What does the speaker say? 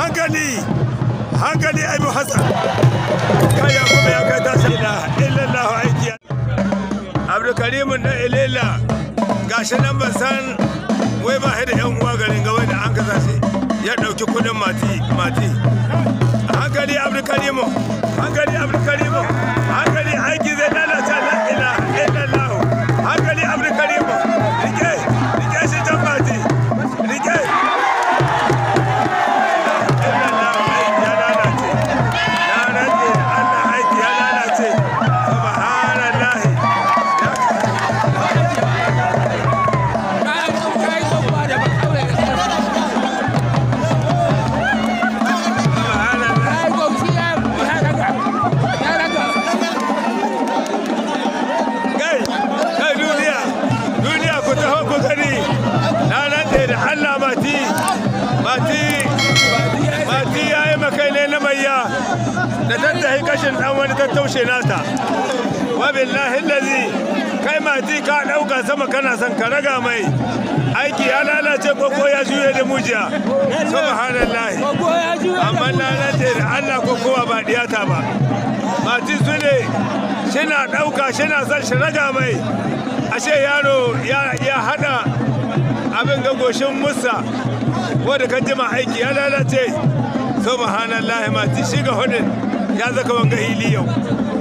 hankali hankali abu hassan kaya kuma ya kai tashi ila illallah aiki abdulkarimun na ilela gashi nan ban san wai ba da yan uwa garin gawai da an kasa shi ya dauki kudin mati mati hankali abdulkarimu hankali abdulkarimu mati mati mati ya yi makai ne na mayya da tattahi kashin dan wani tattaushe nata wa billahi lazi kai mati ka ɗauka sama kana son ka raga mai aiki ya lalace koko ya juye da mujiya subhanallahi amma lalace da Allah kowa ba diyata ba mati sule shina dauka shina son shi raga mai ashe yaro kun ga goshin musa wadda kan jima aiki ya lalace subhanallahi ma shi ga hudin ya zaka wanga hili yau